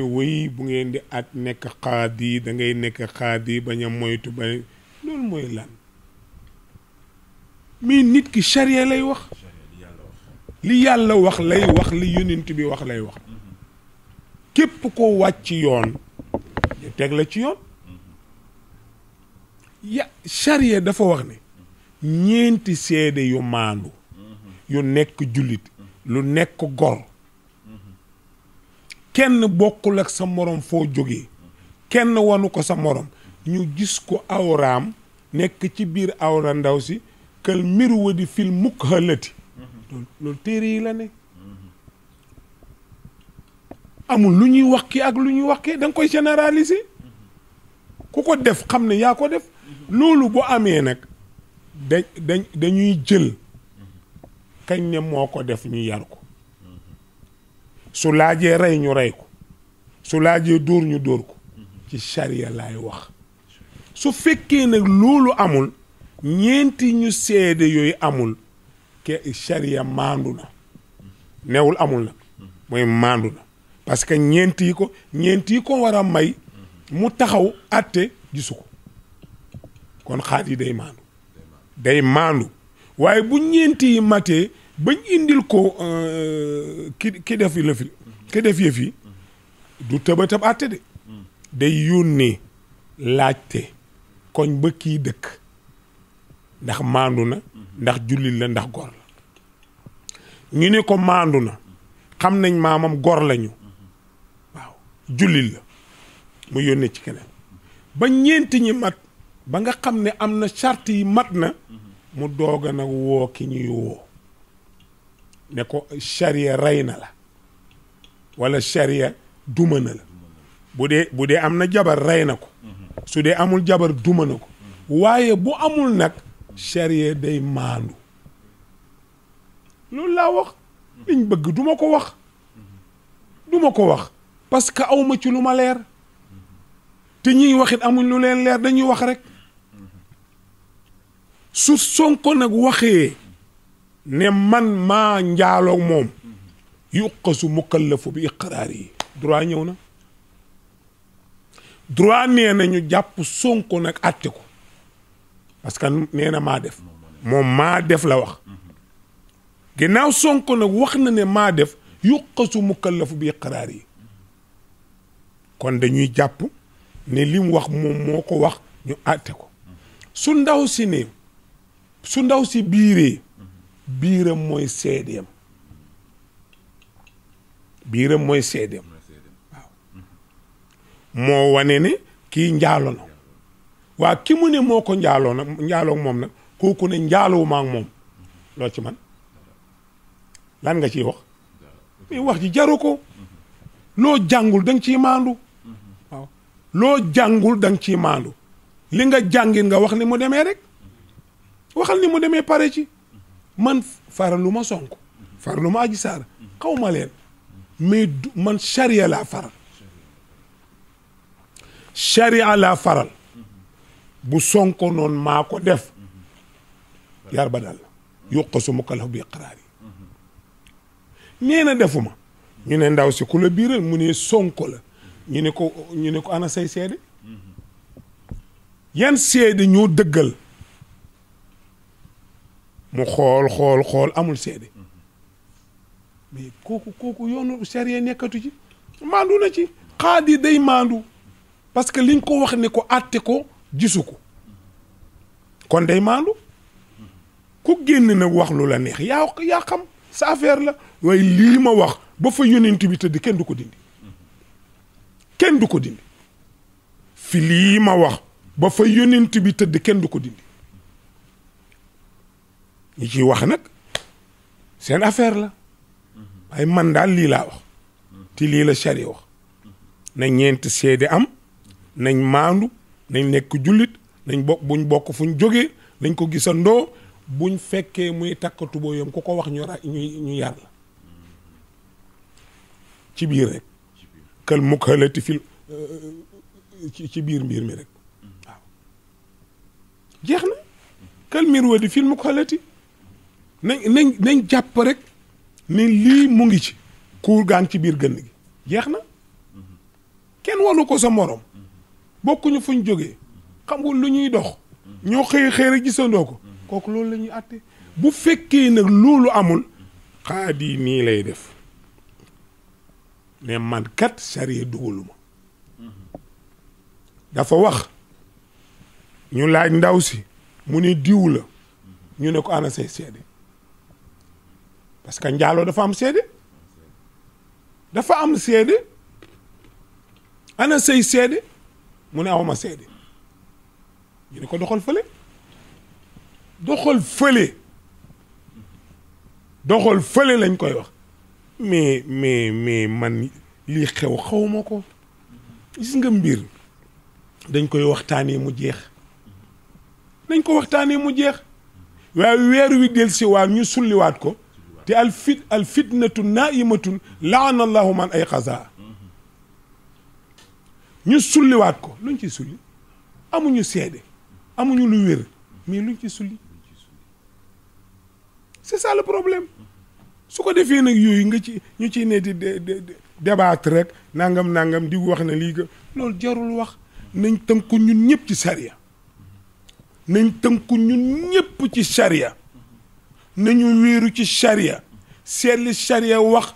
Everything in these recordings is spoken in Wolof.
waxe wëy bu ngeen di at nekk xaadi da ngay nekk xaadi bañ a moytu ba loolu mooy lan mais nit ki charia lay wax li yàlla wax lay wax li yonent bi wax lay wax képp koo wàcc yoon ñu teg la ci yoon ya charia dafa wax ne ñeenti seede yu maandu yu nekk jullit lu nekk gor kenn bokkul ak sa morom foo jógee kenn wanu ko sa morom ñu gis ko awraam nekk ci biir awra ndaw si kël miru wa di fil mukk xalati loolu téere yi la ne amul lu ñuy wax ki ak lu ñuy wax ki da koy généraliser ku ko def xam ne yaa ko def loolu bu amee nag da dañuy jël kañ ne moo ko def ñu yar ko su laajee rey ñu rey ko su laajee dóor ñu dóor ko ci sariya laay wax su fekkee nag loolu amul ñeenti ñu seede yooyu amul ke sariya maandu na newul amul nag mooy maandu na parce que ñeenti yi ko ñeenti yi ko war a may mu taxaw àtte gisu kon xaat yi day maandu day maandu waaye bu ñeenti yi matee bañ indil ko euh, ki ki def lëf ki def du tëba tëb de day yónnee laajte koñ ba kii dëkk ndax maandu na ndax jullit la ndax gor la ñu ne ko maandu na xam nañ maamam gor lañu waaw jullit la mu yónnee ci keneen ba ñeenti ñi mat ba nga xam ne am na charte yi mat na mu doog a nag woo ki ñuy woo ne ko charia rey na la wala charia duma na la bu dee bu dee am na jabar rey na ko su dee amul jabar duma na ko waaye bu amul nag charia day maandu loolu laa wax liñ bëgg duma ko wax duma ko wax parce que awma ci lu ma leer te ñuy waxit it amuñ lu leen leer ñuy wax rek su sonko nag waxee ne man maa njaaloo moom yuqasu mukallafu bi iqraar yi droit ñëw na droit nee na ñu jàpp sonk nag àtte ko parce que nee maa def moom maa def la wax ginnaaw Sonko nag wax na ne maa def yuqasu mukallafu bi iqraar yi kon dañuy jàpp ne li wax moom moo ko wax ñu àtte ko su ndaw si ne su ndaw si biiree biiram mooy seedeem biiram mooy seedeem moo wane ne kii njaalo na waa ki mu ne moo ko njaaloo na njaaloo moom nag kooku ne njaalowuma ak moom loo ci man lan nga ciy wax mais wax ji jaru ko loo jàngul da nga ciy maandu loo jàngul da ciy maandu li nga jàngin nga wax ni mu demee rek waxal ni mu demee pare ci man faralu ma Sonko faralu ma Adji Sarr xaw ma leen mais man charia laa faral charia laa faral bu Sonko noonu maa ko def yar ba dal yokk su ma ko bi xaraar yi na defuma ñu ne ndaw si ku la biiral mu ne Sonko la ñu ne ko ñu ne ko ana say seede yan seede ñoo dëggal mu xool xool xool amul seede mais kooku kooku yoonu charia nekkatu ci maandu na ci xaadi day maandu parce que liñ ko wax ne ko àtte ko gisu ko kon day maandu ku génn nag wax lu la neex yaa yaa xam sa affaire la waaye lii ma wax ba fa yonent bi tëdd kenn du ko dindi kenn du ko dindi fi lii ma wax ba fa yonent bi tëdd kenn du ko dindi ñi ci wax nag seen affaire la ay man daal lii laa wax te lii la sari wax nañ ñeent seede am nañ maandu nañ nekk jullit nañ bokk buñ bokk fuñ jógee nañ ko gisandoo buñ fekkee muy takk tubóoyam ku ko wax ñu ra ñu ñu ci biir rek kal mukhalati fil euh, ci biir mbiir mi rek waaw jeex na kal mirwadi fil mukhalati nañ nañ nañ jàpp rek ne lii mu ngi ci kuur gaan ci biir gënn gi jeex na kenn wanu ko sa morom bokkuñu fuñ jógee xam nga lu ñuy dox ñoo xëy xëy rek gisandoo ko kooku loolu lañuy ñuy bu fekkee nag loolu amul xaadi nii lay def ne man kat sariya dugaluma dafa wax ñu laaj ndaw si mu ni diw la ñu ne ko ana say seede parce que njaaloo dafa am seede dafa am seede ana say seede mu ne awma seede ñu ne ko doxal fële doxal fële doxal fële lañ koy wax mais mais mais man lii xew xawma ko gis nga mbir dañ koy waxtaanee mu jeex dañ ko waxtaanee mu jeex waaye weer wi del si waa ñu sulliwaat ko te al fit al fitnatu naimatun laana allahu man ay xasaa ñu sulliwaat ko luñ ci sulli amuñu seede amuñu lu wér mais luñ ci sulli c'est ça problème su ko defee nag yooyu nga ci ñu ciy ne di débattre rek nangam nangam di wax ne lii loolu jarul wax nañ tënku ñun ñëpp ci sariya nañ tënku ñun ñëpp ci sariya nañu wéeru ci charia seet li wax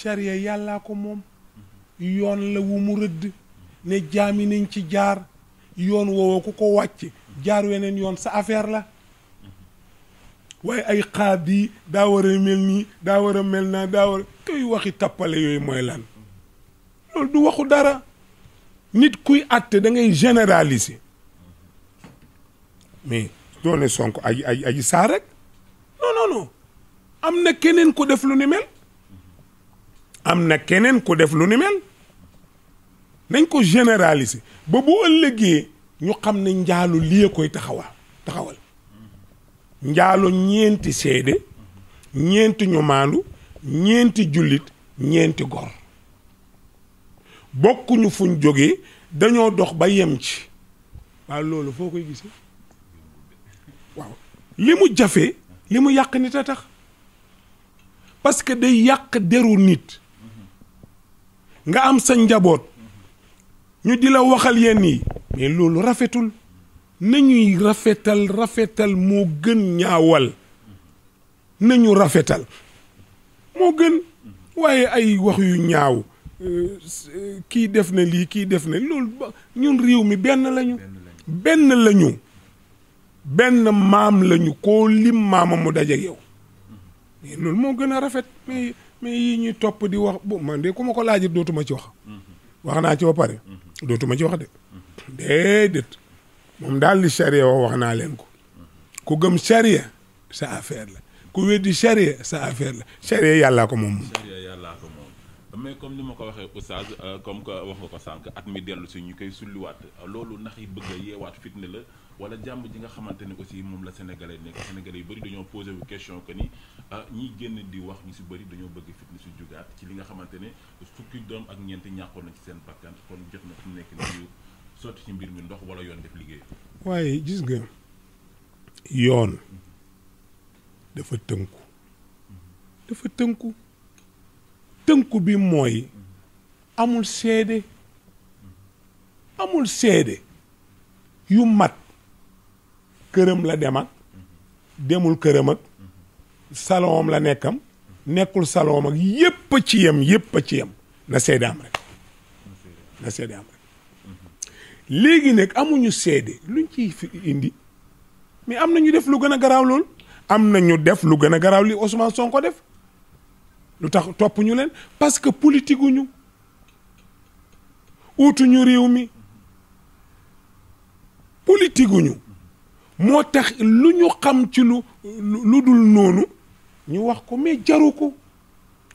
charia yàllaa ko moom yoon la wu mu rëdd ne jaami nañ ci jaar yoon woowu ku ko wàcc jaar weneen yoon sa affaire la waaye ay xaab yi daa war mel nii daa war a mel naa daa war a waxi tappale yooyu mooy lan loolu du waxu dara nit kuy àtte dangay ngay généraliser mais doone Sonko aji aji aji saa rek non am na def lu am na keneen ku def lu nañ ko généraliser ba bu ëllëgee ñu xam ne njaalu lii koy taxawal taxawal njaalu ñeenti seede ñeenti ñu ñeenti jullit ñeenti gor bokkuñu fuñ jógee dañoo dox ba yem ci waaw loolu foo koy gisee waaw li mu jafe li mu yàq nit a tax parce que day yàq deru nit nga am sa njaboot ñu di la waxal yenn yi mais loolu rafetul nañuy rafetal rafetal moo gën ñaawal nañu rafetal moo gën waaye ay wax yu ñaaw euh, kii def na lii kii def na loolu ñun réew mi benn lañu benn lañu benn maam lañu koo lim maama mu dajeeg yow loolu moo gën a rafet mais mais yii ñuy topp di wax bu man de ku ma ko laaj dootuma ci wax wax naa ci ba pare dootuma ci wax de déedéet moom daal li charia wax wax naa leen ko ku gëm charia sa affaire la ku weddi charia sa affaire la charia yàllaa ko moom mais comme ni ma ko waxee oustaz euh, comme que wax nga ko sànq at mi dellu si ñu koy sulliwaat loolu nax yi bëgg a yeewaat fitne la wala jàmb ji nga xamante ne aussi moom la sénégalais nekk sénégalais yu bëri dañoo posé wu question que ni ah génn di wax ñu si bëri dañoo bëgg fitna si jugaat ci li nga xamante ne fukki doom ak ñeenti ñàkkoon na ci seen bakkan kon jot na fi mu nekk nii ñu sotti ci mbir mi ndox wala yoon def liggéey. waaye gis nga yoon dafa tënku. dafa tënku tënku bi mooy amul seede amul seede yu mat. këram la dem ak demul këram ak salon la nekkam nekkul salon ak yépp a ci yem yépp a ci yem na seede am rek na seede am rek léegi nag amuñu seede luñ ciy indi mais am na ñu def lu gën a garaaw lool am na ñu def lu gën a garaaw li Ousmane ko def lu tax toppuñu leen parce que politique uñu uutuñu réew mi politique moo tax lu ñu xam ci lu lu dul noonu ñu wax ko mais jaru ko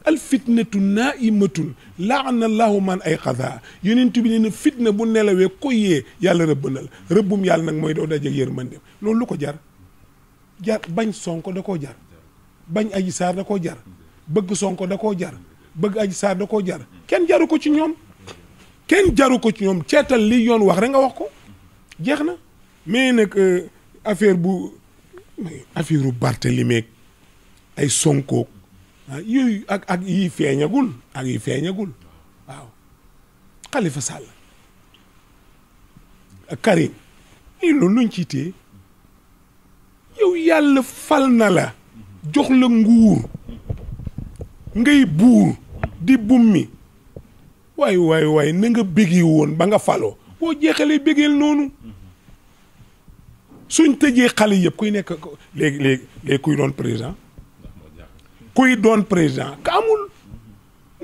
al fitnatu naimatun laana allahu man ay xadaa yonent bi ne na fitna bu nelawee ko yee yàlla rëbb na la rëbbum yàlla nag mooy doo dajeeg yërmande loolu lu ko jar jar bañ sonko da koo jar bañ aji saar da koo jar bëgg sonko da koo jar bëgg aji saar da koo jar kenn jaru ko ci ñoom kenn jaru ko ci ñoom ceetal li yoon wax rek nga wax ko jeex na mais nag euh, affaire bu affaire u Barthélemy ay Sonko ah, yooyu ak ak yi feeñagul ak yi feeñagul waaw Khalifa Sall ak Karim i loolu luñ ciy téye yow yàlla fal na la jox la nguur ngay buur di bummi waay waay waay na nga béggee woon ba nga faloo boo jeexalee béggeel noonu suñ tëjee xale yëpp kuy nekk léegi léegi léegi kuy doon président kuy doon président ka amul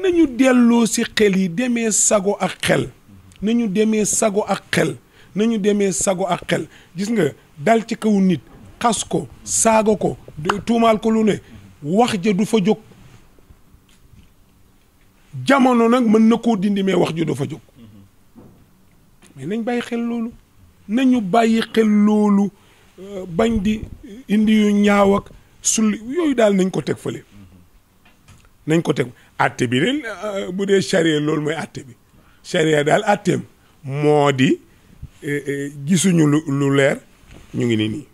nañu delloo si xel yi demee sago ak xel nañu demee sago ak xel nañu demee sago ak xel gis nga dal ci kaw nit xas ko saago ko tuumaal ko lu ne wax ja du fa jóg jamono nag mën na koo dindi mais wax ja du fa jóg mais nañ bàyyi xel loolu nañu bàyyi xel loolu euh, bañ di indi yu ñaaw ak sulli yooyu daal nañ ko teg fële nañ ko teg atte bi leen euh, bu dee charia loolu mooy atte bi charia daal atteem moo di euh, gisuñu lu lu leer ñu ngi nii nii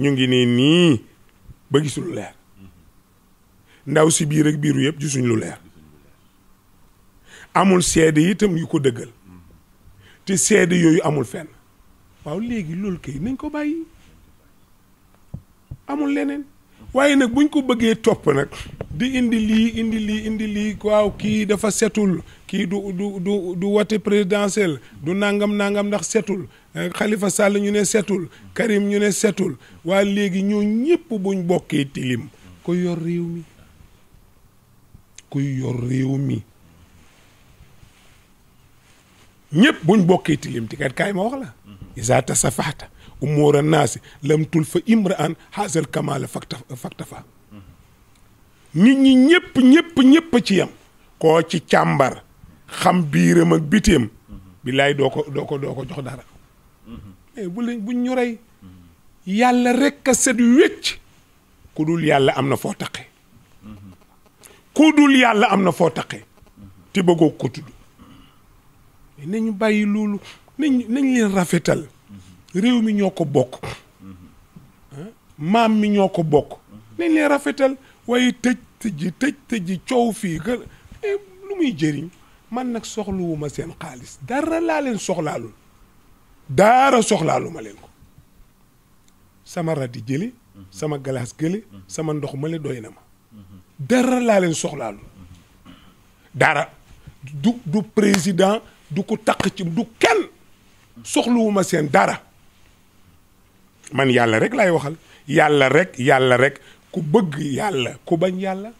ñu ngi nii nii ba gisul lu leer ndaw si biir ak biiru yëpp gisuñu lu leer amul seede itam yu ko dëggal te seede yooyu amul fenn waaw léegi loolu kay nañ ko bàyyi amul leneen waaye nag buñ ko bëggee topp nag di indi lii indi lii indi lii waaw kii dafa setul kii du du du du wote présidentiel du nangam nangam ndax setul eh, Khalifa Sall ñu ne setul Karim ñu ne setul waa léegi ñoo ñëpp buñ bokkee tilim ko yor réew mi ku yor réew mi ñëpp buñ bokkee tilim ti kat kaay ma wax la isa tasafaxta umuura naasi lam tul fa imra an xaasal kamaala fakta fakta nit ñi ñëpp ñëpp ñëpp ci yam koo ci càmbar xam biiram ak bitéem billaay doo ko doo ko doo ko jox dara bu lañ buñ ñu yàlla rekk a set wécc ku dul yàlla am na foo taqe ku dul yàlla am na foo taqe te bëggoo ko tudd mais ñu bàyyi loolu nañ nañ leen rafetal réew mi ñoo ko bokk maam mi ñoo ko bokk nañ leen rafetal waaye tëj tëj tëj tëj coow fii que eh, lu muy jëriñ man nag soxluwuma seen xaalis dara laa leen soxlaalul daara soxlaalu ma leen ko sama radi jële sama galaas gële sama ndox ma le doy na ma dara laa leen dara du du président du ko taq ci du kenn soxluwuma seen dara man yàlla rek lay waxal yàlla rekk yàlla rekk ku bëgg yàlla ku bañ yàlla